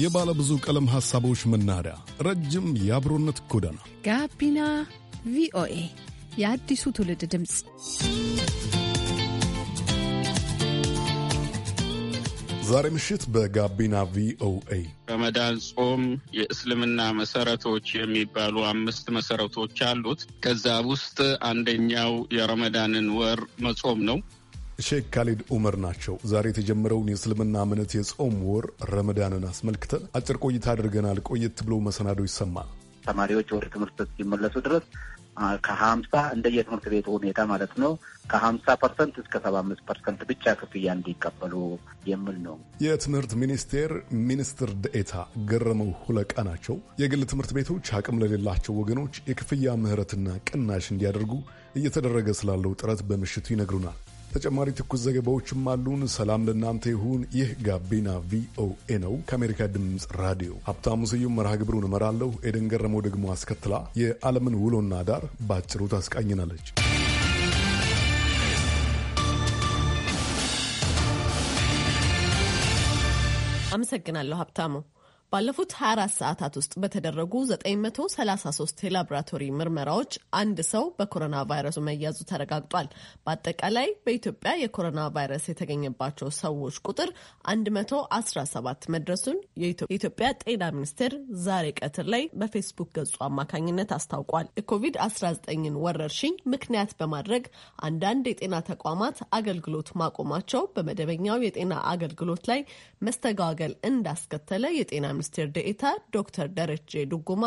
የባለ ብዙ ቀለም ሐሳቦች መናኸሪያ፣ ረጅም የአብሮነት ጎዳና ጋቢና ቪኦኤ የአዲሱ ትውልድ ድምፅ። ዛሬ ምሽት በጋቢና ቪኦኤ ረመዳን ጾም የእስልምና መሰረቶች የሚባሉ አምስት መሰረቶች አሉት። ከዛ ውስጥ አንደኛው የረመዳንን ወር መጾም ነው። ሼክ ካሊድ ኡመር ናቸው። ዛሬ የተጀመረውን የእስልምና እምነት የጾም ወር ረመዳንን አስመልክተን አጭር ቆይታ አድርገናል። ቆየት ብሎ መሰናዶ ይሰማል። ተማሪዎች ወደ ትምህርት ሲመለሱ ድረስ ከሀምሳ እንደ የትምህርት ቤቱ ሁኔታ ማለት ነው ከሀምሳ ፐርሰንት እስከ ሰባ አምስት ፐርሰንት ብቻ ክፍያ እንዲቀበሉ የሚል ነው። የትምህርት ሚኒስቴር ሚኒስትር ደኤታ ገረመው ሁለቃ ናቸው። የግል ትምህርት ቤቶች አቅም ለሌላቸው ወገኖች የክፍያ ምህረትና ቅናሽ እንዲያደርጉ እየተደረገ ስላለው ጥረት በምሽቱ ይነግሩናል። ተጨማሪ ትኩስ ዘገባዎችም አሉን። ሰላም ለእናንተ ይሁን። ይህ ጋቢና ቪኦኤ ነው ከአሜሪካ ድምፅ ራዲዮ። ሀብታሙ ስዩም መርሃ ግብሩን እመራለሁ። ኤደን ገረመው ደግሞ አስከትላ የዓለምን ውሎና ዳር በአጭሩ ታስቃኝናለች። አመሰግናለሁ ሀብታሙ። ባለፉት 24 ሰዓታት ውስጥ በተደረጉ 933 የላቦራቶሪ ምርመራዎች አንድ ሰው በኮሮና ቫይረሱ መያዙ ተረጋግጧል። በአጠቃላይ በኢትዮጵያ የኮሮና ቫይረስ የተገኘባቸው ሰዎች ቁጥር 117 መድረሱን የኢትዮጵያ ጤና ሚኒስቴር ዛሬ ቀትር ላይ በፌስቡክ ገጹ አማካኝነት አስታውቋል። የኮቪድ-19ን ወረርሽኝ ምክንያት በማድረግ አንዳንድ የጤና ተቋማት አገልግሎት ማቆማቸው በመደበኛው የጤና አገልግሎት ላይ መስተጓገል እንዳስከተለ የጤና ሚኒስቴር ዴኤታ ዶክተር ደረጀ ዱጉማ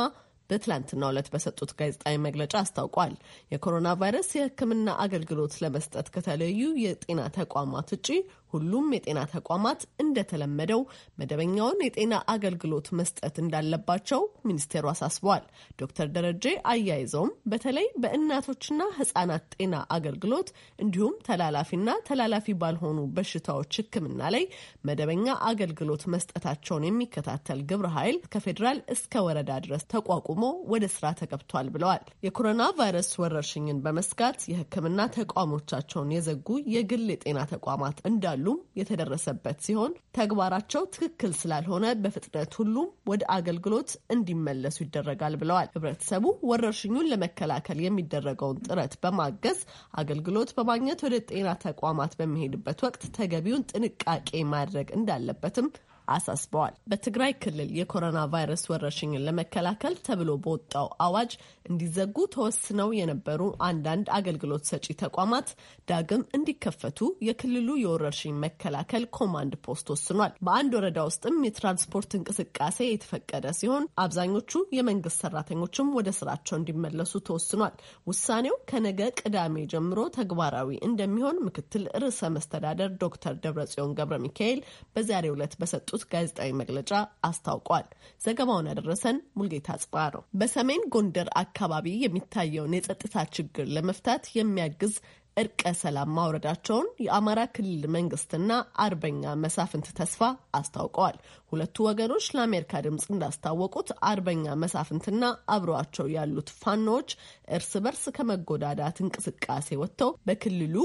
በትላንትና ዕለት በሰጡት ጋዜጣዊ መግለጫ አስታውቋል። የኮሮና ቫይረስ የሕክምና አገልግሎት ለመስጠት ከተለዩ የጤና ተቋማት ውጪ ሁሉም የጤና ተቋማት እንደተለመደው መደበኛውን የጤና አገልግሎት መስጠት እንዳለባቸው ሚኒስቴሩ አሳስበዋል። ዶክተር ደረጀ አያይዘውም በተለይ በእናቶችና ህጻናት ጤና አገልግሎት እንዲሁም ተላላፊና ተላላፊ ባልሆኑ በሽታዎች ሕክምና ላይ መደበኛ አገልግሎት መስጠታቸውን የሚከታተል ግብረ ኃይል ከፌዴራል እስከ ወረዳ ድረስ ተቋቁሞ ወደ ስራ ተገብቷል ብለዋል። የኮሮና ቫይረስ ወረርሽኝን በመስጋት የሕክምና ተቋሞቻቸውን የዘጉ የግል የጤና ተቋማት እንዳሉ እንዳሉም የተደረሰበት ሲሆን ተግባራቸው ትክክል ስላልሆነ በፍጥነት ሁሉም ወደ አገልግሎት እንዲመለሱ ይደረጋል ብለዋል። ህብረተሰቡ ወረርሽኙን ለመከላከል የሚደረገውን ጥረት በማገዝ አገልግሎት በማግኘት ወደ ጤና ተቋማት በሚሄድበት ወቅት ተገቢውን ጥንቃቄ ማድረግ እንዳለበትም አሳስበዋል። በትግራይ ክልል የኮሮና ቫይረስ ወረርሽኝን ለመከላከል ተብሎ በወጣው አዋጅ እንዲዘጉ ተወስነው የነበሩ አንዳንድ አገልግሎት ሰጪ ተቋማት ዳግም እንዲከፈቱ የክልሉ የወረርሽኝ መከላከል ኮማንድ ፖስት ወስኗል። በአንድ ወረዳ ውስጥም የትራንስፖርት እንቅስቃሴ የተፈቀደ ሲሆን አብዛኞቹ የመንግስት ሰራተኞችም ወደ ስራቸው እንዲመለሱ ተወስኗል። ውሳኔው ከነገ ቅዳሜ ጀምሮ ተግባራዊ እንደሚሆን ምክትል ርዕሰ መስተዳደር ዶክተር ደብረጽዮን ገብረ ሚካኤል በዛሬው ዕለት በሰጡት ባወጡት ጋዜጣዊ መግለጫ አስታውቋል። ዘገባውን ያደረሰን ሙልጌታ ጽባ ነው። በሰሜን ጎንደር አካባቢ የሚታየውን የጸጥታ ችግር ለመፍታት የሚያግዝ እርቀ ሰላም ማውረዳቸውን የአማራ ክልል መንግስትና አርበኛ መሳፍንት ተስፋ አስታውቀዋል። ሁለቱ ወገኖች ለአሜሪካ ድምፅ እንዳስታወቁት አርበኛ መሳፍንትና አብረዋቸው ያሉት ፋኖዎች እርስ በርስ ከመጎዳዳት እንቅስቃሴ ወጥተው በክልሉ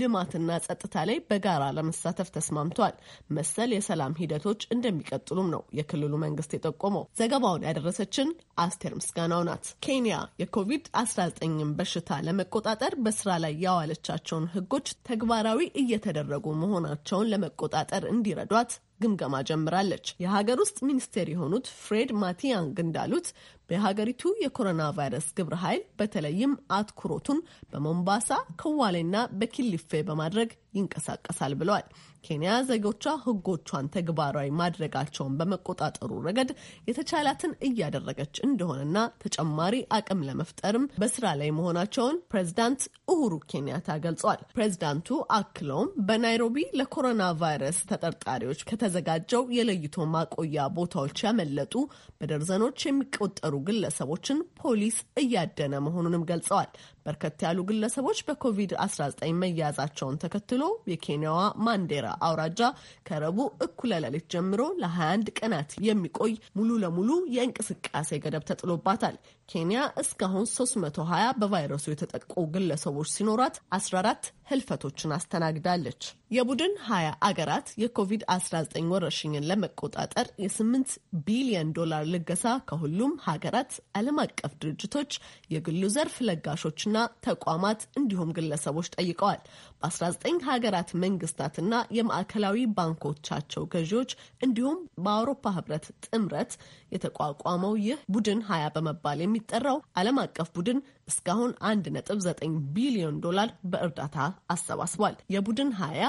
ልማትና ጸጥታ ላይ በጋራ ለመሳተፍ ተስማምቷል። መሰል የሰላም ሂደቶች እንደሚቀጥሉም ነው የክልሉ መንግስት የጠቆመው። ዘገባውን ያደረሰችን አስቴር ምስጋናው ናት። ኬንያ የኮቪድ-19ን በሽታ ለመቆጣጠር በስራ ላይ ያዋለቻቸውን ህጎች ተግባራዊ እየተደረጉ መሆናቸውን ለመቆጣጠር እንዲረዷት ግምገማ ጀምራለች። የሀገር ውስጥ ሚኒስቴር የሆኑት ፍሬድ ማቲያንግ እንዳሉት በሀገሪቱ የኮሮና ቫይረስ ግብረ ኃይል በተለይም አትኩሮቱን በሞምባሳ ከዋሌና በኪሊፌ በማድረግ ይንቀሳቀሳል ብለዋል። ኬንያ ዜጎቿ ሕጎቿን ተግባራዊ ማድረጋቸውን በመቆጣጠሩ ረገድ የተቻላትን እያደረገች እንደሆነና ተጨማሪ አቅም ለመፍጠርም በስራ ላይ መሆናቸውን ፕሬዚዳንት ኡሁሩ ኬንያታ ገልጿል። ፕሬዚዳንቱ አክለውም በናይሮቢ ለኮሮና ቫይረስ ተጠርጣሪዎች ከተዘጋጀው የለይቶ ማቆያ ቦታዎች ያመለጡ በደርዘኖች የሚቆጠሩ ግለሰቦችን ፖሊስ እያደነ መሆኑንም ገልጸዋል። በርከት ያሉ ግለሰቦች በኮቪድ-19 መያዛቸውን ተከትሎ የኬንያዋ ማንዴራ አውራጃ ከረቡዕ እኩለ ሌሊት ጀምሮ ለ21 ቀናት የሚቆይ ሙሉ ለሙሉ የእንቅስቃሴ ገደብ ተጥሎባታል። ኬንያ እስካሁን 320 በቫይረሱ የተጠቁ ግለሰቦች ሲኖራት 14 ህልፈቶችን አስተናግዳለች። የቡድን 20 አገራት የኮቪድ-19 ወረርሽኝን ለመቆጣጠር የ8 ቢሊዮን ዶላር ልገሳ ከሁሉም ሀገራት፣ ዓለም አቀፍ ድርጅቶች፣ የግሉ ዘርፍ ለጋሾችና ተቋማት እንዲሁም ግለሰቦች ጠይቀዋል። በ19 ሀገራት መንግስታትና የማዕከላዊ ባንኮቻቸው ገዢዎች እንዲሁም በአውሮፓ ህብረት ጥምረት የተቋቋመው ይህ ቡድን ሀያ በመባል የሚጠራው ዓለም አቀፍ ቡድን እስካሁን 1.9 ቢሊዮን ዶላር በእርዳታ አሰባስቧል። የቡድን ሀያ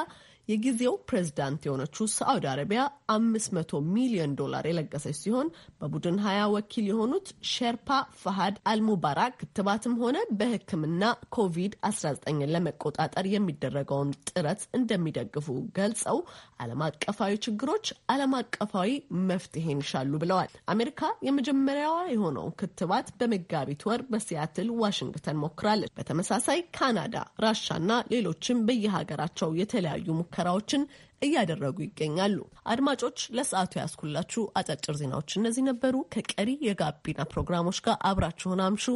የጊዜው ፕሬዝዳንት የሆነችው ሳዑዲ አረቢያ አምስት መቶ ሚሊዮን ዶላር የለገሰች ሲሆን በቡድን ሀያ ወኪል የሆኑት ሼርፓ ፋሃድ አልሙባራክ ክትባትም ሆነ በሕክምና ኮቪድ 19 ለመቆጣጠር የሚደረገውን ጥረት እንደሚደግፉ ገልጸው ዓለም አቀፋዊ ችግሮች ዓለም አቀፋዊ መፍትሄን ይሻሉ ብለዋል። አሜሪካ የመጀመሪያዋ የሆነው ክትባት በመጋቢት ወር በሲያትል ዋሽንግተን ሞክራለች። በተመሳሳይ ካናዳ፣ ራሻ እና ሌሎችም በየሀገራቸው የተለያዩ ሙከራዎችን እያደረጉ ይገኛሉ። አድማጮች፣ ለሰዓቱ ያስኩላችሁ አጫጭር ዜናዎች እነዚህ ነበሩ። ከቀሪ የጋቢና ፕሮግራሞች ጋር አብራችሁን አምሹ።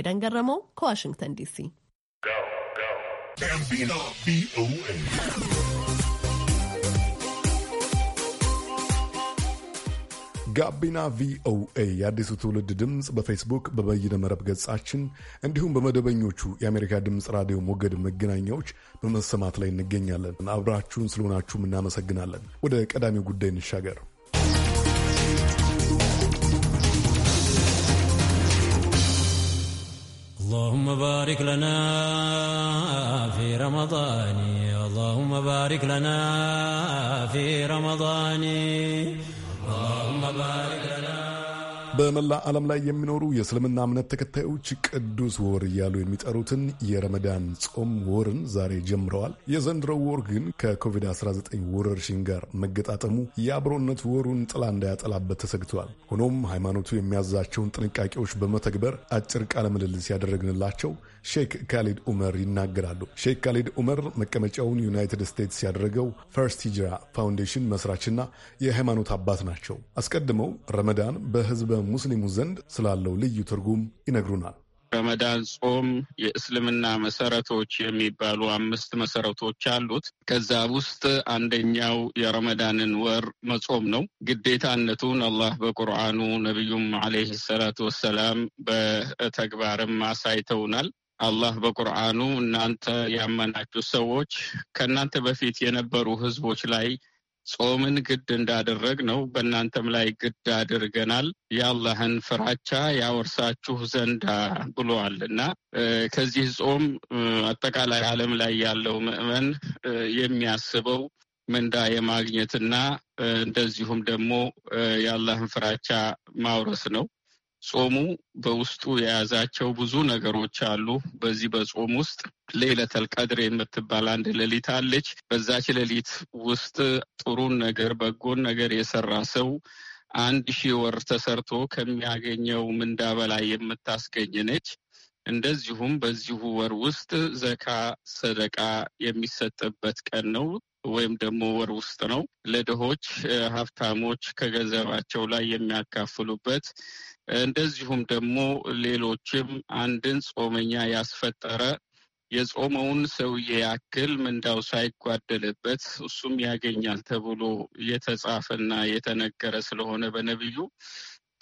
ኤደን ገረመው ከዋሽንግተን ዲሲ ጋቢና ቪኦኤ የአዲሱ ትውልድ ድምፅ በፌስቡክ በበይነ መረብ ገጻችን እንዲሁም በመደበኞቹ የአሜሪካ ድምፅ ራዲዮ ሞገድ መገናኛዎች በመሰማት ላይ እንገኛለን። አብራችሁን ስለሆናችሁም እናመሰግናለን። ወደ ቀዳሚው ጉዳይ እንሻገር። اللهم بارك لنا في رمضان اللهم بارك لنا في رمضان በመላ ዓለም ላይ የሚኖሩ የእስልምና እምነት ተከታዮች ቅዱስ ወር እያሉ የሚጠሩትን የረመዳን ጾም ወርን ዛሬ ጀምረዋል። የዘንድሮው ወር ግን ከኮቪድ-19 ወረርሽኝ ጋር መገጣጠሙ የአብሮነት ወሩን ጥላ እንዳያጠላበት ተሰግቷል። ሆኖም ሃይማኖቱ የሚያዛቸውን ጥንቃቄዎች በመተግበር አጭር ቃለ ምልልስ ያደረግንላቸው ሼክ ካሊድ ኡመር ይናገራሉ። ሼክ ካሊድ ኡመር መቀመጫውን ዩናይትድ ስቴትስ ያደረገው ፈርስት ሂጅራ ፋውንዴሽን መስራችና የሃይማኖት አባት ናቸው። አስቀድመው ረመዳን በህዝበ ሙስሊሙ ዘንድ ስላለው ልዩ ትርጉም ይነግሩናል። ረመዳን ጾም የእስልምና መሰረቶች የሚባሉ አምስት መሰረቶች አሉት። ከዛ ውስጥ አንደኛው የረመዳንን ወር መጾም ነው። ግዴታነቱን አላህ በቁርአኑ ነቢዩም አለይሂ ሰላቱ ወሰላም በተግባርም አሳይተውናል። አላህ በቁርአኑ እናንተ ያመናችሁ ሰዎች ከእናንተ በፊት የነበሩ ህዝቦች ላይ ጾምን ግድ እንዳደረግ ነው በእናንተም ላይ ግድ አድርገናል የአላህን ፍራቻ ያወርሳችሁ ዘንዳ ብሏል እና ከዚህ ጾም አጠቃላይ ዓለም ላይ ያለው ምዕመን የሚያስበው ምንዳ የማግኘትና እንደዚሁም ደግሞ የአላህን ፍራቻ ማውረስ ነው። ጾሙ በውስጡ የያዛቸው ብዙ ነገሮች አሉ። በዚህ በጾም ውስጥ ሌለተል ቀድር የምትባል አንድ ሌሊት አለች። በዛች ሌሊት ውስጥ ጥሩን ነገር፣ በጎን ነገር የሰራ ሰው አንድ ሺህ ወር ተሰርቶ ከሚያገኘው ምንዳ በላይ የምታስገኝ ነች። እንደዚሁም በዚሁ ወር ውስጥ ዘካ፣ ሰደቃ የሚሰጥበት ቀን ነው። ወይም ደግሞ ወር ውስጥ ነው። ለድሆች ሀብታሞች ከገንዘባቸው ላይ የሚያካፍሉበት እንደዚሁም ደግሞ ሌሎችም አንድን ጾመኛ ያስፈጠረ የጾመውን ሰውዬ ያክል ምንዳው ሳይጓደልበት እሱም ያገኛል ተብሎ የተጻፈና የተነገረ ስለሆነ በነቢዩ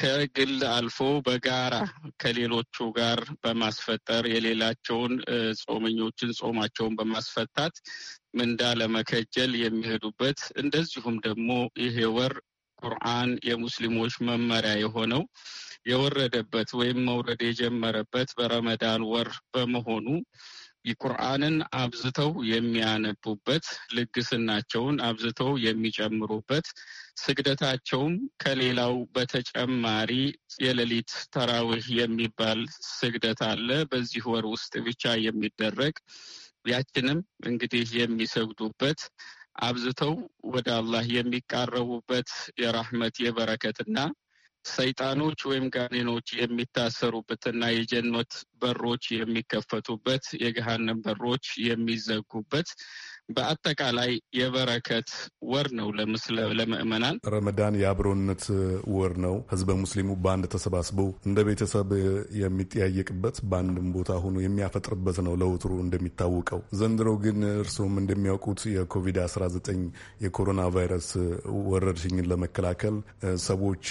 ከግል አልፎ በጋራ ከሌሎቹ ጋር በማስፈጠር የሌላቸውን ጾመኞችን ጾማቸውን በማስፈታት ምንዳ ለመከጀል የሚሄዱበት እንደዚሁም ደግሞ ይሄ ወር ቁርአን የሙስሊሞች መመሪያ የሆነው የወረደበት ወይም መውረድ የጀመረበት በረመዳን ወር በመሆኑ ቁርአንን አብዝተው የሚያነቡበት፣ ልግስናቸውን አብዝተው የሚጨምሩበት፣ ስግደታቸውም ከሌላው በተጨማሪ የሌሊት ተራዊህ የሚባል ስግደት አለ። በዚህ ወር ውስጥ ብቻ የሚደረግ ያችንም እንግዲህ የሚሰግዱበት አብዝተው ወደ አላህ የሚቃረቡበት የራህመት የበረከትና ሰይጣኖች ወይም ጋኔኖች የሚታሰሩበትና የጀነት በሮች የሚከፈቱበት የገሃነም በሮች የሚዘጉበት በአጠቃላይ የበረከት ወር ነው። ለምስለ ለምእመናን ረመዳን የአብሮነት ወር ነው። ህዝበ ሙስሊሙ በአንድ ተሰባስቦ እንደ ቤተሰብ የሚጠያየቅበት በአንድም ቦታ ሆኖ የሚያፈጥርበት ነው ለውትሩ እንደሚታወቀው። ዘንድሮ ግን እርስዎም እንደሚያውቁት የኮቪድ-19 የኮሮና ቫይረስ ወረርሽኝን ለመከላከል ሰዎች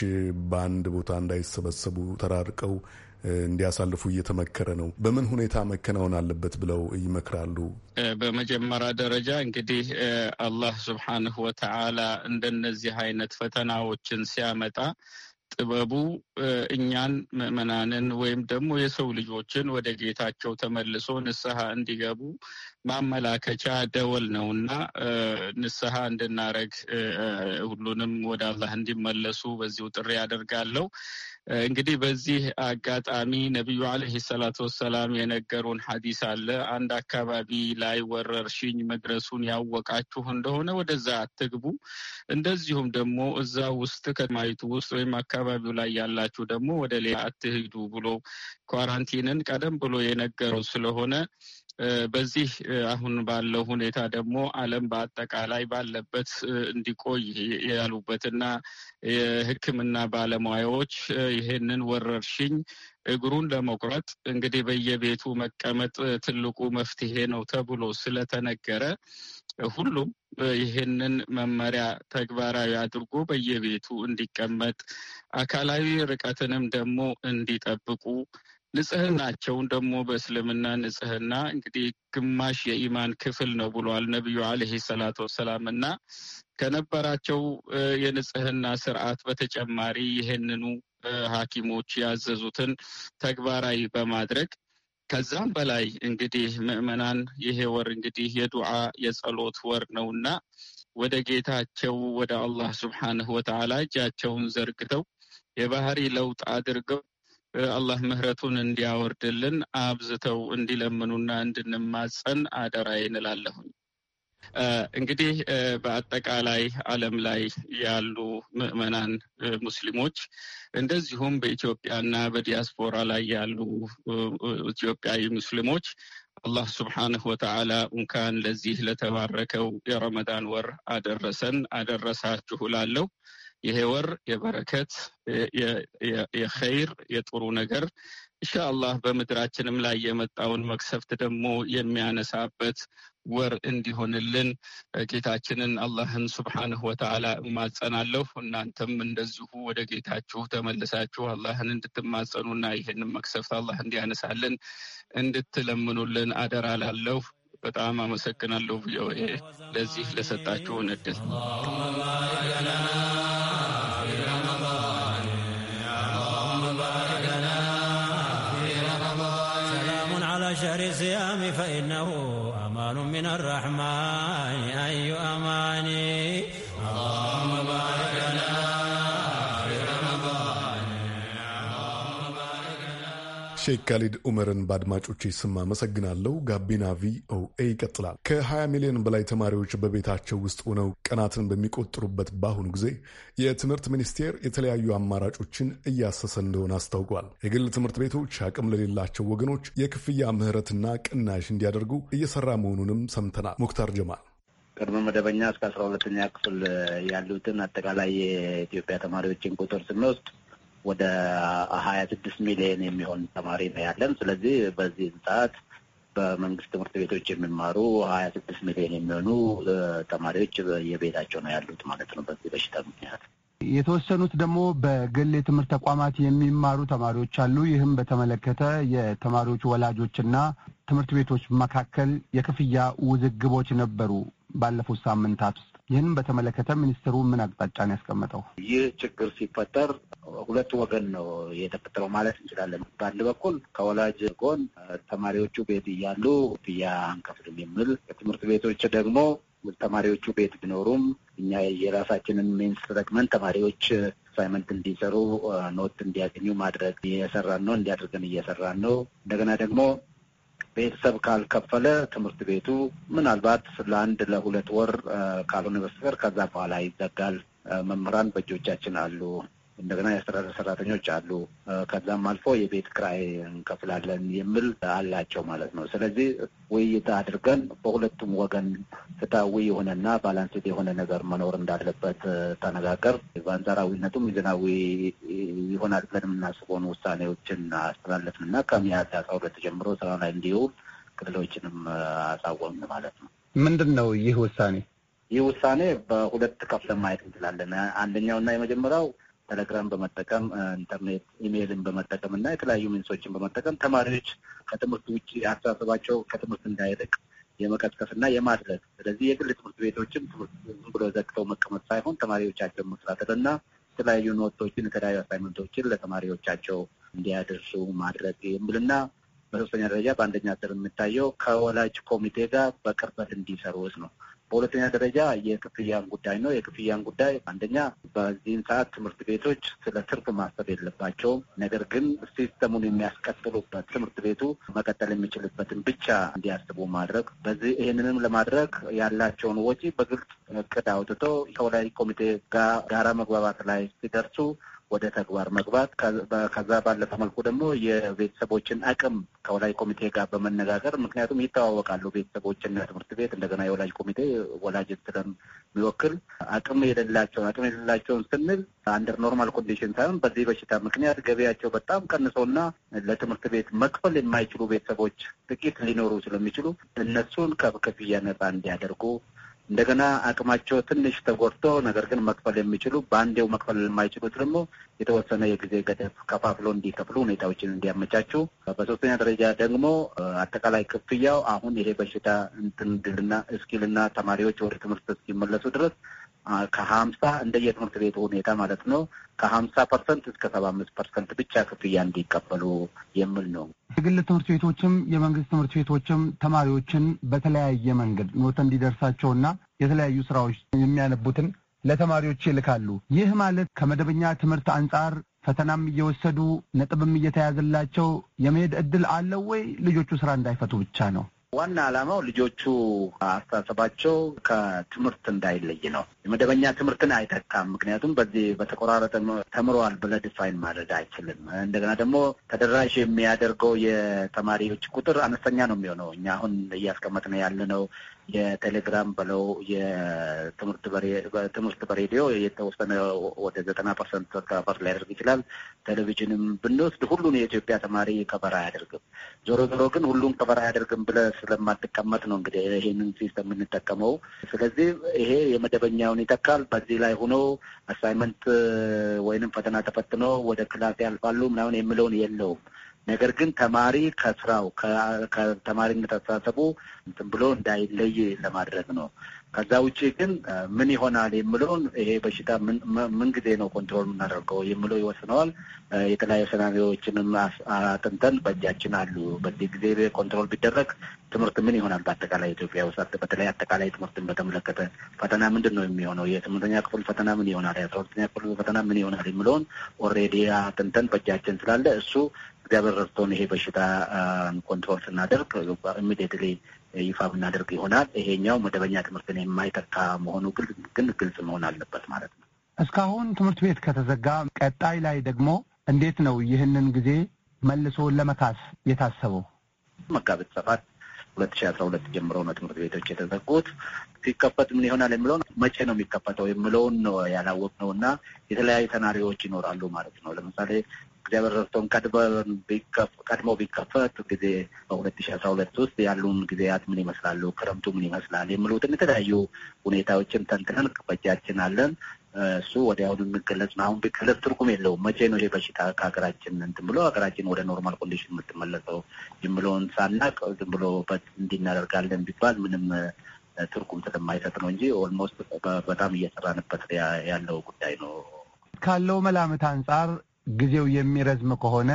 በአንድ ቦታ እንዳይሰበሰቡ ተራርቀው እንዲያሳልፉ እየተመከረ ነው። በምን ሁኔታ መከናወን አለበት ብለው ይመክራሉ? በመጀመሪያ ደረጃ እንግዲህ አላህ ስብሓንሁ ወተዓላ እንደነዚህ አይነት ፈተናዎችን ሲያመጣ ጥበቡ እኛን ምዕመናንን ወይም ደግሞ የሰው ልጆችን ወደ ጌታቸው ተመልሶ ንስሐ እንዲገቡ ማመላከቻ ደወል ነው እና ንስሐ እንድናረግ ሁሉንም ወደ አላህ እንዲመለሱ በዚሁ ጥሪ አደርጋለሁ። እንግዲህ በዚህ አጋጣሚ ነቢዩ አለህ ሰላት ወሰላም የነገሩን ሀዲስ አለ። አንድ አካባቢ ላይ ወረርሽኝ መድረሱን ያወቃችሁ እንደሆነ ወደዛ አትግቡ፣ እንደዚሁም ደግሞ እዛ ውስጥ ከተማይቱ ውስጥ ወይም አካባቢው ላይ ያላችሁ ደግሞ ወደ ሌላ አትሂዱ ብሎ ኳራንቲንን ቀደም ብሎ የነገሩ ስለሆነ በዚህ አሁን ባለው ሁኔታ ደግሞ ዓለም በአጠቃላይ ባለበት እንዲቆይ ያሉበትና የሕክምና ባለሙያዎች ይሄንን ወረርሽኝ እግሩን ለመቁረጥ እንግዲህ በየቤቱ መቀመጥ ትልቁ መፍትሄ ነው ተብሎ ስለተነገረ ሁሉም ይህንን መመሪያ ተግባራዊ አድርጎ በየቤቱ እንዲቀመጥ አካላዊ ርቀትንም ደግሞ እንዲጠብቁ ንጽህናቸውን ደግሞ በእስልምና ንጽህና እንግዲህ ግማሽ የኢማን ክፍል ነው ብሏል ነቢዩ አለህ ሰላት ወሰላም እና ከነበራቸው የንጽህና ስርዓት በተጨማሪ ይህንኑ ሐኪሞች ያዘዙትን ተግባራዊ በማድረግ ከዛም በላይ እንግዲህ ምእመናን ይሄ ወር እንግዲህ የዱዓ የጸሎት ወር ነውና ወደ ጌታቸው ወደ አላህ ስብሓንሁ ወተዓላ እጃቸውን ዘርግተው የባህሪ ለውጥ አድርገው አላህ ምህረቱን እንዲያወርድልን አብዝተው እንዲለምኑና እንድንማጸን አደራ ይንላለሁኝ። እንግዲህ በአጠቃላይ ዓለም ላይ ያሉ ምዕመናን ሙስሊሞች እንደዚሁም በኢትዮጵያና በዲያስፖራ ላይ ያሉ ኢትዮጵያዊ ሙስሊሞች አላህ ስብሓንሁ ወተዓላ እንኳን ለዚህ ለተባረከው የረመዳን ወር አደረሰን አደረሳችሁ ይሄ ወር የበረከት የኸይር የጥሩ ነገር ኢንሻአላህ በምድራችንም ላይ የመጣውን መቅሰፍት ደግሞ የሚያነሳበት ወር እንዲሆንልን ጌታችንን አላህን ስብሓንሁ ወተዓላ እማጸናለሁ። እናንተም እንደዚሁ ወደ ጌታችሁ ተመልሳችሁ አላህን እንድትማጸኑና ይህንን መቅሰፍት አላህ እንዲያነሳልን እንድትለምኑልን አደራ ላለሁ። በጣም አመሰግናለሁ ቪኦኤ ለዚህ ለሰጣችሁን እድል። شهر الصيام فإنه أمان من الرحمن أي أماني ሼክ ካሊድ ኡመርን በአድማጮች ስም አመሰግናለሁ። ጋቢና ቪኦኤ ይቀጥላል። ከ20 ሚሊዮን በላይ ተማሪዎች በቤታቸው ውስጥ ሆነው ቀናትን በሚቆጥሩበት በአሁኑ ጊዜ የትምህርት ሚኒስቴር የተለያዩ አማራጮችን እያሰሰ እንደሆነ አስታውቋል። የግል ትምህርት ቤቶች አቅም ለሌላቸው ወገኖች የክፍያ ምህረትና ቅናሽ እንዲያደርጉ እየሰራ መሆኑንም ሰምተናል። ሙክታር ጀማል ቅድመ መደበኛ እስከ አስራ ሁለተኛ ክፍል ያሉትን አጠቃላይ የኢትዮጵያ ተማሪዎችን ቁጥር ስንወስድ ወደ ሀያ ስድስት ሚሊዮን የሚሆን ተማሪ ነው ያለን። ስለዚህ በዚህ ሰዓት በመንግስት ትምህርት ቤቶች የሚማሩ ሀያ ስድስት ሚሊዮን የሚሆኑ ተማሪዎች የቤታቸው ነው ያሉት ማለት ነው በዚህ በሽታ ምክንያት። የተወሰኑት ደግሞ በግል የትምህርት ተቋማት የሚማሩ ተማሪዎች አሉ። ይህም በተመለከተ የተማሪዎቹ ወላጆችና ትምህርት ቤቶች መካከል የክፍያ ውዝግቦች ነበሩ ባለፉት ሳምንታት ውስጥ ይህንን በተመለከተ ሚኒስትሩ ምን አቅጣጫን ያስቀመጠው? ይህ ችግር ሲፈጠር ሁለት ወገን ነው የተፈጠረው ማለት እንችላለን። በአንድ በኩል ከወላጅ ጎን ተማሪዎቹ ቤት እያሉ ክፍያ አንከፍልም የሚል ትምህርት ቤቶች ደግሞ ተማሪዎቹ ቤት ቢኖሩም እኛ የራሳችንን ሜንስ ተጠቅመን ተማሪዎች አሳይመንት እንዲሰሩ ኖት እንዲያገኙ ማድረግ እየሰራን ነው፣ እንዲያደርገን እየሰራን ነው። እንደገና ደግሞ ቤተሰብ ካልከፈለ ትምህርት ቤቱ ምናልባት ለአንድ ለሁለት ወር ካልሆነ በስተቀር ከዛ በኋላ ይዘጋል። መምህራን በእጆቻችን አሉ። እንደገና የአስተዳደር ሰራተኞች አሉ። ከዛም አልፎ የቤት ክራይ እንከፍላለን የሚል አላቸው ማለት ነው። ስለዚህ ውይይት አድርገን በሁለቱም ወገን ፍትሐዊ የሆነና ባላንስድ የሆነ ነገር መኖር እንዳለበት ተነጋገር በአንጻራዊነቱም ሚዛናዊ ይሆናል ብለን የምናስበውን ውሳኔዎችን አስተላለፍንና ከሚያዝያ አስራ ሁለት ጀምሮ ስራ ላይ እንዲውል ክልሎችንም አሳወቅን ማለት ነው። ምንድን ነው ይህ ውሳኔ? ይህ ውሳኔ በሁለት ከፍለን ማየት እንችላለን። አንደኛውና የመጀመሪያው ቴሌግራም በመጠቀም ኢንተርኔት ኢሜይልን በመጠቀም እና የተለያዩ ሚንሶችን በመጠቀም ተማሪዎች ከትምህርት ውጭ አስተሳሰባቸው ከትምህርት እንዳይርቅ የመቀስቀስ እና የማድረግ ስለዚህ የግል ትምህርት ቤቶችም ዝም ብሎ ዘግተው መቀመጥ ሳይሆን ተማሪዎቻቸውን መከታተል እና የተለያዩ ኖቶችን የተለያዩ አሳይመንቶችን ለተማሪዎቻቸው እንዲያደርሱ ማድረግ የሚልና በሶስተኛ ደረጃ በአንደኛ ስር የሚታየው ከወላጅ ኮሚቴ ጋር በቅርበት እንዲሰሩት ነው። በሁለተኛ ደረጃ የክፍያን ጉዳይ ነው። የክፍያን ጉዳይ አንደኛ በዚህን ሰዓት ትምህርት ቤቶች ስለ ትርፍ ማሰብ የለባቸውም። ነገር ግን ሲስተሙን የሚያስቀጥሉበት ትምህርት ቤቱ መቀጠል የሚችልበትን ብቻ እንዲያስቡ ማድረግ በዚህ ይህንንም ለማድረግ ያላቸውን ወጪ በግልጽ እቅድ አውጥቶ ከወላጅ ኮሚቴ ጋራ መግባባት ላይ ሲደርሱ ወደ ተግባር መግባት ከዛ ባለፈ መልኩ ደግሞ የቤተሰቦችን አቅም ከወላጅ ኮሚቴ ጋር በመነጋገር ምክንያቱም ይተዋወቃሉ ቤተሰቦችና ትምህርት ቤት እንደገና የወላጅ ኮሚቴ ወላጅን ስለሚወክል አቅም የሌላቸውን አቅም የሌላቸውን ስንል አንደር ኖርማል ኮንዲሽን ሳይሆን በዚህ በሽታ ምክንያት ገቢያቸው በጣም ቀንሰውና ለትምህርት ቤት መክፈል የማይችሉ ቤተሰቦች ጥቂት ሊኖሩ ስለሚችሉ እነሱን ከክፍያ ነጻ እንዲያደርጉ እንደገና አቅማቸው ትንሽ ተጎድቶ ነገር ግን መክፈል የሚችሉ በአንዴው መክፈል የማይችሉት ደግሞ የተወሰነ የጊዜ ገደብ ከፋፍሎ እንዲከፍሉ ሁኔታዎችን እንዲያመቻቹ፣ በሶስተኛ ደረጃ ደግሞ አጠቃላይ ክፍያው አሁን ይሄ በሽታ እንትን ድልና እስኪልና ተማሪዎች ወደ ትምህርት እስኪመለሱ ድረስ ከሀምሳ እንደ የትምህርት ቤቱ ሁኔታ ማለት ነው ከሀምሳ ፐርሰንት እስከ ሰባ አምስት ፐርሰንት ብቻ ክፍያ እንዲቀበሉ የሚል ነው። የግል ትምህርት ቤቶችም የመንግስት ትምህርት ቤቶችም ተማሪዎችን በተለያየ መንገድ ኖት እንዲደርሳቸውና የተለያዩ ስራዎች የሚያነቡትን ለተማሪዎች ይልካሉ። ይህ ማለት ከመደበኛ ትምህርት አንጻር ፈተናም እየወሰዱ ነጥብም እየተያዘላቸው የመሄድ እድል አለው ወይ? ልጆቹ ስራ እንዳይፈቱ ብቻ ነው? ዋና ዓላማው ልጆቹ አስተሳሰባቸው ከትምህርት እንዳይለይ ነው። የመደበኛ ትምህርትን አይተካም። ምክንያቱም በዚህ በተቆራረጠ ተምረዋል ብለህ ዲፋይን ማድረግ አይችልም። እንደገና ደግሞ ተደራሽ የሚያደርገው የተማሪዎች ቁጥር አነስተኛ ነው የሚሆነው። እኛ አሁን እያስቀመጥ ነው ያለነው የቴሌግራም በለው የትምህርት በሬዲዮ የተወሰነ ወደ ዘጠና ፐርሰንት ከበር ሊያደርግ ይችላል። ቴሌቪዥንም ብንወስድ ሁሉን የኢትዮጵያ ተማሪ ከበር አያደርግም። ዞሮ ዞሮ ግን ሁሉን ከበር አያደርግም ብለህ ስለማትቀመጥ ነው እንግዲህ ይህንን ሲስተም የምንጠቀመው። ስለዚህ ይሄ የመደበኛው ፈተናውን ይተካል። በዚህ ላይ ሆኖ አሳይመንት ወይንም ፈተና ተፈትኖ ወደ ክላስ ያልፋሉ ምናምን የምለውን የለውም። ነገር ግን ተማሪ ከስራው ከተማሪነት አስተሳሰቡ እንትን ብሎ እንዳይለይ ለማድረግ ነው። ከዛ ውጭ ግን ምን ይሆናል የምለውን ይሄ በሽታ ምን ጊዜ ነው ኮንትሮል የምናደርገው የምለው ይወስነዋል። የተለያዩ ሰናሪዎችንም አጥንተን በእጃችን አሉ። በዚህ ጊዜ ኮንትሮል ቢደረግ ትምህርት ምን ይሆናል? በአጠቃላይ ኢትዮጵያ ውስጥ በተለይ አጠቃላይ ትምህርትን በተመለከተ ፈተና ምንድን ነው የሚሆነው? የስምንተኛ ክፍል ፈተና ምን ይሆናል? የአስራ ሁለተኛ ክፍል ፈተና ምን ይሆናል? የምለውን ኦልሬዲ አጥንተን በእጃችን ስላለ እሱ እግዚአብሔር ረድቶን ይሄ በሽታ ኮንትሮል ስናደርግ ኢሚዲየትሊ ይፋ ብናደርግ ይሆናል። ይሄኛው መደበኛ ትምህርትን የማይተካ መሆኑ ግን ግልጽ መሆን አለበት ማለት ነው። እስካሁን ትምህርት ቤት ከተዘጋ ቀጣይ ላይ ደግሞ እንዴት ነው ይህንን ጊዜ መልሶ ለመካስ የታሰበው? መጋቢት ሰባት ሁለት ሺ አስራ ሁለት ጀምሮ ነው ትምህርት ቤቶች የተዘጉት። ሲከፈት ምን ይሆናል የሚለውን መቼ ነው የሚከፈተው የሚለውን ነው ያላወቅነው እና የተለያዩ ተናሪዎች ይኖራሉ ማለት ነው። ለምሳሌ እግዚአብሔር ረድቶን ቀድሞ ቢከፈት ጊዜ በሁለት ሺ አስራ ሁለት ውስጥ ያሉን ጊዜያት ምን ይመስላሉ፣ ክረምቱ ምን ይመስላል የሚሉትን የተለያዩ ሁኔታዎችን ተንትነን በእጃችን አለን። እሱ ወዲያውኑ የሚገለጽ ነው። አሁን ቢገለጽ ትርጉም የለውም። መቼ ነው ይሄ በሽታ ከሀገራችን እንትን ብሎ ሀገራችን ወደ ኖርማል ኮንዲሽን የምትመለሰው የሚለውን ሳናቅ ዝም ብሎ እንዲህ እናደርጋለን ቢባል ምንም ትርጉም ስለማይሰጥ ነው እንጂ ኦልሞስት በጣም እየሰራንበት ያለው ጉዳይ ነው። ካለው መላምት አንጻር ጊዜው የሚረዝም ከሆነ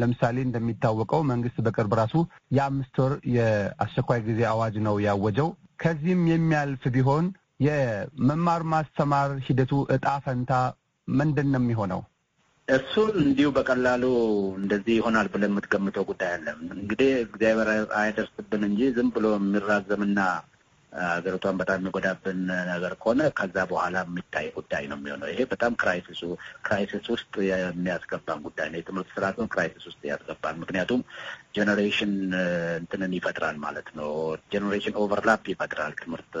ለምሳሌ እንደሚታወቀው መንግስት በቅርብ ራሱ የአምስት ወር የአስቸኳይ ጊዜ አዋጅ ነው ያወጀው። ከዚህም የሚያልፍ ቢሆን የመማር ማስተማር ሂደቱ እጣ ፈንታ ምንድን ነው የሚሆነው? እሱን እንዲሁ በቀላሉ እንደዚህ ይሆናል ብለን የምትገምተው ጉዳይ አለም። እንግዲህ እግዚአብሔር አይደርስብን እንጂ ዝም ብሎ የሚራዘምና ሀገሪቷን በጣም የሚጎዳብን ነገር ከሆነ ከዛ በኋላ የሚታይ ጉዳይ ነው የሚሆነው። ይሄ በጣም ክራይሲሱ ክራይሲስ ውስጥ የሚያስገባን ጉዳይ ነው። የትምህርት ስርዓቱን ክራይሲስ ውስጥ ያስገባል። ምክንያቱም ጀኔሬሽን እንትንን ይፈጥራል ማለት ነው። ጀኔሬሽን ኦቨርላፕ ይፈጥራል። ትምህርት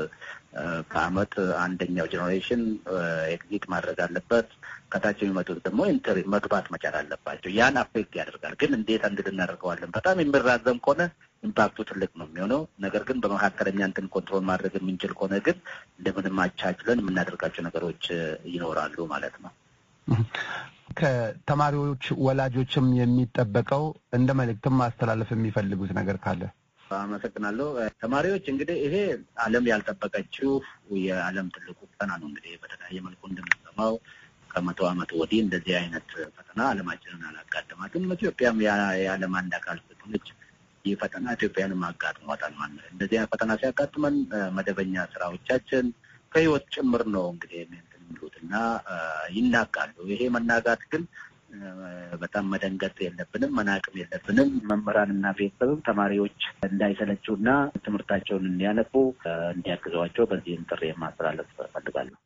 በአመት አንደኛው ጀኔሬሽን ኤግዚት ማድረግ አለበት። ከታች የሚመጡት ደግሞ ኢንተር መግባት መቻል አለባቸው። ያን አፌክት ያደርጋል። ግን እንዴት እናደርገዋለን በጣም የሚራዘም ከሆነ ኢምፓክቱ ትልቅ ነው የሚሆነው። ነገር ግን በመካከለኛ እንትን ኮንትሮል ማድረግ የምንችል ከሆነ ግን እንደምንም አቻችለን የምናደርጋቸው ነገሮች ይኖራሉ ማለት ነው። ከተማሪዎች ወላጆችም የሚጠበቀው እንደ መልእክትም ማስተላለፍ የሚፈልጉት ነገር ካለ አመሰግናለሁ። ተማሪዎች እንግዲህ ይሄ ዓለም ያልጠበቀችው የዓለም ትልቁ ፈተና ነው። እንግዲህ በተለያየ መልኩ እንደምንሰማው ከመቶ ዓመት ወዲህ እንደዚህ አይነት ፈተና ዓለማችንን አላጋጠማትም። ኢትዮጵያም የዓለም አንድ አካል ስትሆነች ይህ ፈተና ኢትዮጵያንም አጋጥሟታል ማለት ነው። እንደዚህ ፈተና ሲያጋጥመን መደበኛ ስራዎቻችን ከህይወት ጭምር ነው እንግዲህ የሚሉት እና ይናቃሉ። ይሄ መናጋት ግን በጣም መደንገጥ የለብንም መናቅም የለብንም። መምህራንና ቤተሰብም ተማሪዎች እንዳይሰለችውና ትምህርታቸውን እንዲያነቡ እንዲያግዟቸው በዚህም ጥሪ የማስተላለፍ እፈልጋለሁ።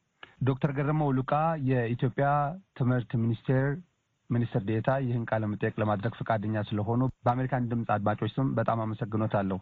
ዶክተር ገረመው ሉቃ የኢትዮጵያ ትምህርት ሚኒስቴር ሚኒስትር ዴታ ይህን ቃለ መጠየቅ ለማድረግ ፈቃደኛ ስለሆኑ በአሜሪካን ድምፅ አድማጮች ስም በጣም አመሰግኖታለሁ።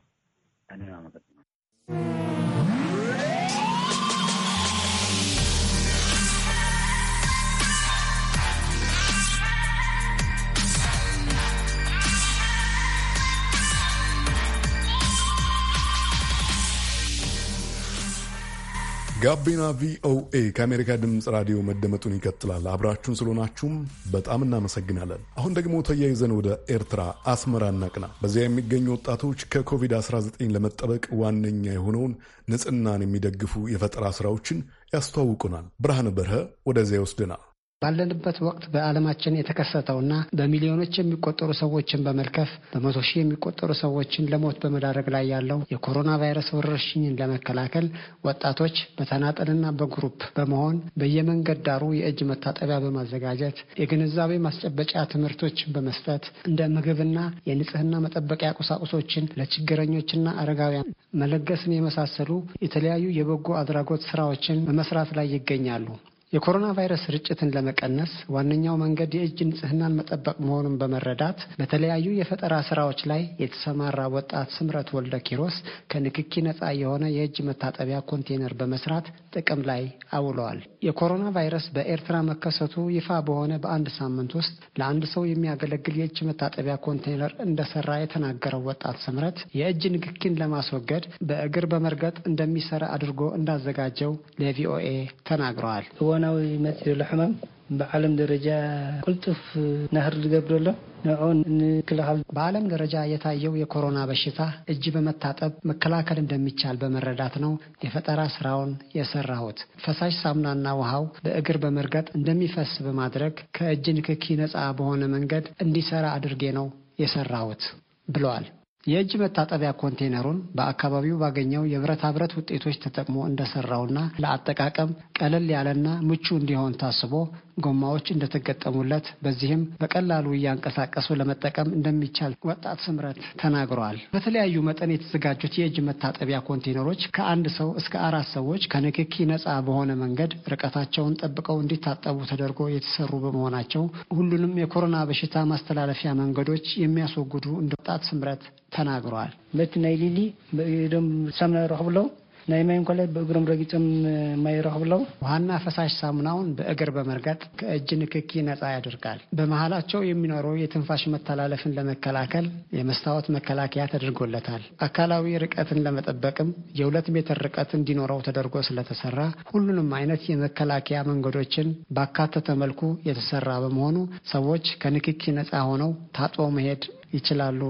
ጋቢና ቪኦኤ ከአሜሪካ ድምፅ ራዲዮ መደመጡን ይቀጥላል። አብራችሁን ስለሆናችሁም በጣም እናመሰግናለን። አሁን ደግሞ ተያይዘን ወደ ኤርትራ አስመራ እናቅና። በዚያ የሚገኙ ወጣቶች ከኮቪድ-19 ለመጠበቅ ዋነኛ የሆነውን ንጽህናን የሚደግፉ የፈጠራ ስራዎችን ያስተዋውቁናል። ብርሃን በርሀ ወደዚያ ይወስድናል። ባለንበት ወቅት በዓለማችን የተከሰተውና በሚሊዮኖች የሚቆጠሩ ሰዎችን በመልከፍ በመቶ ሺህ የሚቆጠሩ ሰዎችን ለሞት በመዳረግ ላይ ያለው የኮሮና ቫይረስ ወረርሽኝን ለመከላከል ወጣቶች በተናጠልና በግሩፕ በመሆን በየመንገድ ዳሩ የእጅ መታጠቢያ በማዘጋጀት የግንዛቤ ማስጨበጫ ትምህርቶችን በመስጠት እንደ ምግብና የንጽህና መጠበቂያ ቁሳቁሶችን ለችግረኞችና አረጋውያን መለገስን የመሳሰሉ የተለያዩ የበጎ አድራጎት ስራዎችን በመስራት ላይ ይገኛሉ። የኮሮና ቫይረስ ርጭትን ለመቀነስ ዋነኛው መንገድ የእጅ ንጽህናን መጠበቅ መሆኑን በመረዳት በተለያዩ የፈጠራ ስራዎች ላይ የተሰማራ ወጣት ስምረት ወልደ ኪሮስ ከንክኪ ነፃ የሆነ የእጅ መታጠቢያ ኮንቴነር በመስራት ጥቅም ላይ አውለዋል። የኮሮና ቫይረስ በኤርትራ መከሰቱ ይፋ በሆነ በአንድ ሳምንት ውስጥ ለአንድ ሰው የሚያገለግል የእጅ መታጠቢያ ኮንቴነር እንደሰራ የተናገረው ወጣት ስምረት የእጅ ንክኪን ለማስወገድ በእግር በመርገጥ እንደሚሰራ አድርጎ እንዳዘጋጀው ለቪኦኤ ተናግረዋል። ዘመናዊ መፅኡ ዘሎ ሕማም ብዓለም ደረጃ ቁልጡፍ ናህር ዝገብረ ኣሎ ንዑን ንክልኻል በዓለም ደረጃ የታየው የኮሮና በሽታ እጅ በመታጠብ መከላከል እንደሚቻል በመረዳት ነው የፈጠራ ስራውን የሰራሁት። ፈሳሽ ሳሙናና ውሃው በእግር በመርገጥ እንደሚፈስ በማድረግ ከእጅ ንክኪ ነፃ በሆነ መንገድ እንዲሰራ አድርጌ ነው የሰራሁት ብለዋል። የእጅ መታጠቢያ ኮንቴነሩን በአካባቢው ባገኘው የብረታ ብረት ውጤቶች ተጠቅሞ እንደሰራውና ለአጠቃቀም ቀለል ያለና ምቹ እንዲሆን ታስቦ ጎማዎች እንደተገጠሙለት በዚህም በቀላሉ እያንቀሳቀሱ ለመጠቀም እንደሚቻል ወጣት ስምረት ተናግረዋል። በተለያዩ መጠን የተዘጋጁት የእጅ መታጠቢያ ኮንቴነሮች ከአንድ ሰው እስከ አራት ሰዎች ከንክኪ ነፃ በሆነ መንገድ ርቀታቸውን ጠብቀው እንዲታጠቡ ተደርጎ የተሰሩ በመሆናቸው ሁሉንም የኮሮና በሽታ ማስተላለፊያ መንገዶች የሚያስወግዱ እንደ ወጣት ስምረት ተናግረዋል። ናይማይ እንኳ በእግሮም በእግርም ረግጭም የማይረክ ውሃና ፈሳሽ ሳሙናውን በእግር በመርገጥ ከእጅ ንክኪ ነፃ ያደርጋል። በመሀላቸው የሚኖረው የትንፋሽ መተላለፍን ለመከላከል የመስታወት መከላከያ ተደርጎለታል። አካላዊ ርቀትን ለመጠበቅም የሁለት ሜትር ርቀት እንዲኖረው ተደርጎ ስለተሰራ ሁሉንም አይነት የመከላከያ መንገዶችን ባካተተ መልኩ የተሰራ በመሆኑ ሰዎች ከንክኪ ነፃ ሆነው ታጥቦ መሄድ ይችላሉ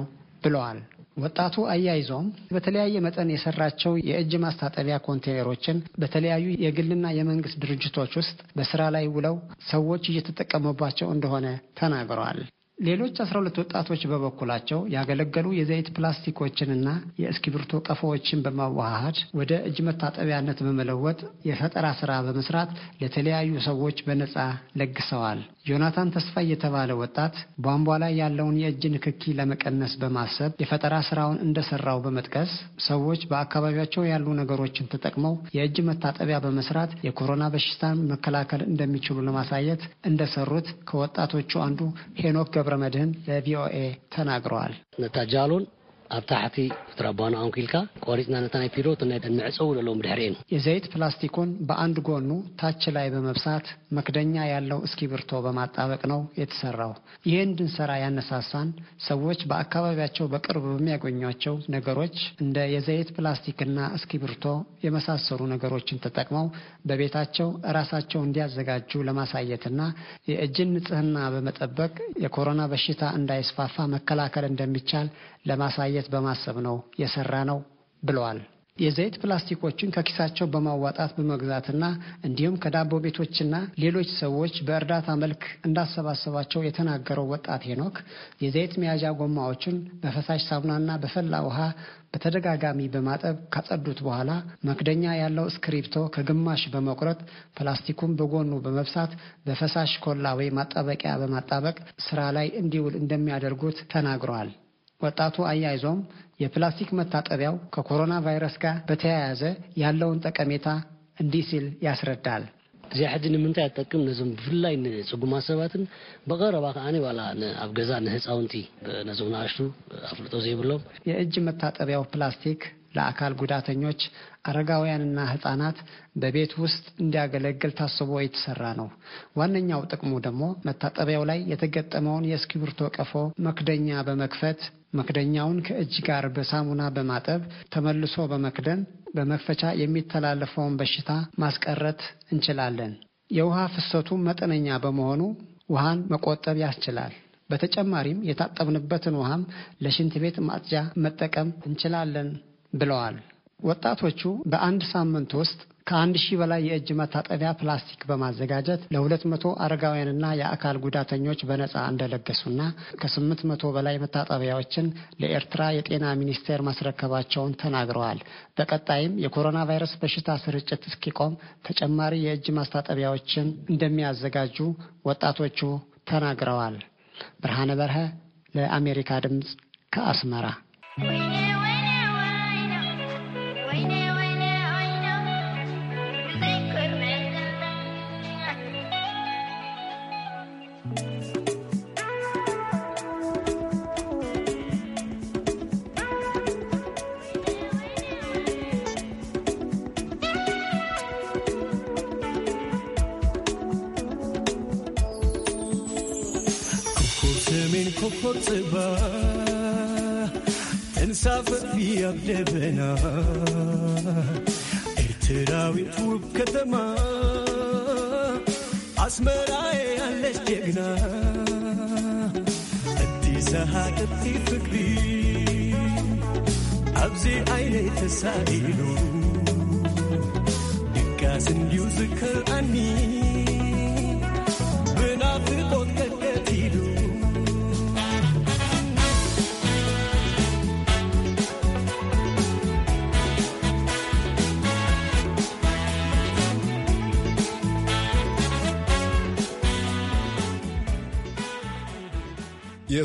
ብለዋል። ወጣቱ አያይዞም በተለያየ መጠን የሰራቸው የእጅ ማስታጠቢያ ኮንቴነሮችን በተለያዩ የግልና የመንግስት ድርጅቶች ውስጥ በስራ ላይ ውለው ሰዎች እየተጠቀሙባቸው እንደሆነ ተናግረዋል። ሌሎች 12 ወጣቶች በበኩላቸው ያገለገሉ የዘይት ፕላስቲኮችንና የእስክሪብቶ ቀፎዎችን በማዋሃድ ወደ እጅ መታጠቢያነት በመለወጥ የፈጠራ ስራ በመስራት ለተለያዩ ሰዎች በነፃ ለግሰዋል። ዮናታን ተስፋ የተባለ ወጣት ቧንቧ ላይ ያለውን የእጅ ንክኪ ለመቀነስ በማሰብ የፈጠራ ስራውን እንደሰራው በመጥቀስ ሰዎች በአካባቢያቸው ያሉ ነገሮችን ተጠቅመው የእጅ መታጠቢያ በመስራት የኮሮና በሽታን መከላከል እንደሚችሉ ለማሳየት እንደሰሩት ከወጣቶቹ አንዱ ሄኖክ ገብረ መድህን ለቪኦኤ ተናግረዋል። ነታ ጃሎን ኣብ ታሕቲ እትረባኑ ኣንኪልካ ቆሪፅና ነታ ናይ ፒሎ ንዕፀው ዘለዎም ድሕሪእን የዘይት ፕላስቲኩን በአንድ ጎኑ ታች ላይ በመብሳት መክደኛ ያለው እስክሪብቶ በማጣበቅ ነው የተሰራው። ይህ እንድንሰራ ያነሳሳን ሰዎች በአካባቢያቸው በቅርብ በሚያገኟቸው ነገሮች እንደ የዘይት ፕላስቲክና እስክሪብቶ የመሳሰሉ ነገሮችን ተጠቅመው በቤታቸው ራሳቸው እንዲያዘጋጁ ለማሳየትና የእጅን ንጽህና በመጠበቅ የኮሮና በሽታ እንዳይስፋፋ መከላከል እንደሚቻል ለማሳየት ለማሳየት በማሰብ ነው የሰራ ነው ብለዋል። የዘይት ፕላስቲኮችን ከኪሳቸው በማዋጣት በመግዛትና እንዲሁም ከዳቦ ቤቶችና ሌሎች ሰዎች በእርዳታ መልክ እንዳሰባሰባቸው የተናገረው ወጣት ሄኖክ የዘይት መያዣ ጎማዎችን በፈሳሽ ሳሙናና በፈላ ውሃ በተደጋጋሚ በማጠብ ካጸዱት በኋላ መክደኛ ያለው እስክሪብቶ ከግማሽ በመቁረጥ ፕላስቲኩን በጎኑ በመብሳት በፈሳሽ ኮላ ወይ ማጣበቂያ በማጣበቅ ስራ ላይ እንዲውል እንደሚያደርጉት ተናግረዋል። ወጣቱ አያይዞም የፕላስቲክ መታጠቢያው ከኮሮና ቫይረስ ጋር በተያያዘ ያለውን ጠቀሜታ እንዲህ ሲል ያስረዳል። እዚያ ሕጂ ንምንታይ ኣጠቅም ነዞም ብፍላይ ንፅጉማ ሰባትን ብቐረባ ከዓኒ ዋላ ኣብ ገዛ ንህፃውንቲ ነዞም ንኣሽቱ ኣፍልጦ ዘይብሎም የእጅ መታጠቢያው ፕላስቲክ ለአካል ጉዳተኞች፣ አረጋውያንና ህጻናት በቤት ውስጥ እንዲያገለግል ታስቦ የተሰራ ነው። ዋነኛው ጥቅሙ ደግሞ መታጠቢያው ላይ የተገጠመውን የእስክሪብቶ ቀፎ መክደኛ በመክፈት መክደኛውን ከእጅ ጋር በሳሙና በማጠብ ተመልሶ በመክደን በመክፈቻ የሚተላለፈውን በሽታ ማስቀረት እንችላለን። የውሃ ፍሰቱ መጠነኛ በመሆኑ ውሃን መቆጠብ ያስችላል። በተጨማሪም የታጠብንበትን ውሃም ለሽንት ቤት ማጽጃ መጠቀም እንችላለን። ብለዋል። ወጣቶቹ በአንድ ሳምንት ውስጥ ከአንድ ሺህ በላይ የእጅ መታጠቢያ ፕላስቲክ በማዘጋጀት ለሁለት መቶ አረጋውያንና የአካል ጉዳተኞች በነፃ እንደለገሱና ከስምንት መቶ በላይ መታጠቢያዎችን ለኤርትራ የጤና ሚኒስቴር ማስረከባቸውን ተናግረዋል። በቀጣይም የኮሮና ቫይረስ በሽታ ስርጭት እስኪቆም ተጨማሪ የእጅ ማስታጠቢያዎችን እንደሚያዘጋጁ ወጣቶቹ ተናግረዋል። ብርሃነ በርሀ ለአሜሪካ ድምፅ ከአስመራ كتبا تنسافر في أبلبنا ارتراوي توب كتما أسمراي علش جغنا أدي سهاد أدي فكري أبزي عيني تسائلو دكاس نيوزكر أني بنافقو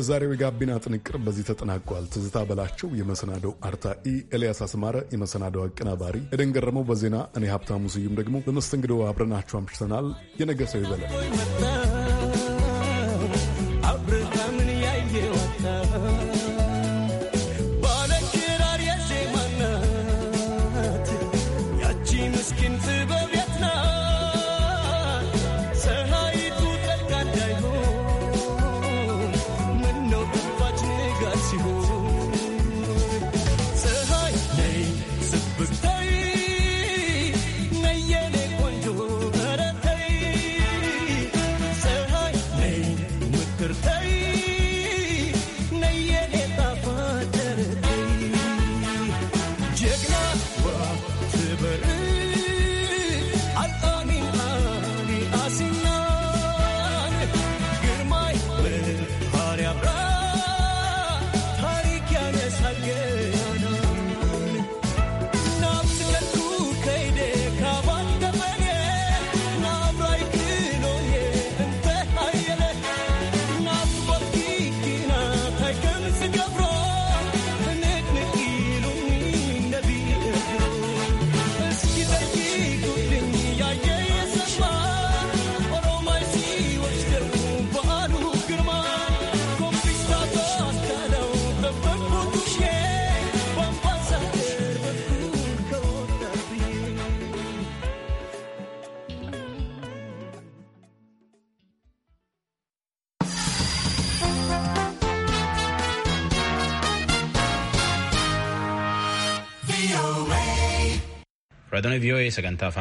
የዛሬው የጋቢና ጥንቅር በዚህ ተጠናቋል። ትዝታ በላቸው የመሰናዶው አርታኢ፣ ኤልያስ አስማረ የመሰናዶው አቀናባሪ፣ ኤደን ገረመው በዜና እኔ ሀብታሙ ስዩም ደግሞ በመስተንግዶ አብረናችሁ አምሽተናል። የነገ ሰው ይበለን። Sagantaa Afaan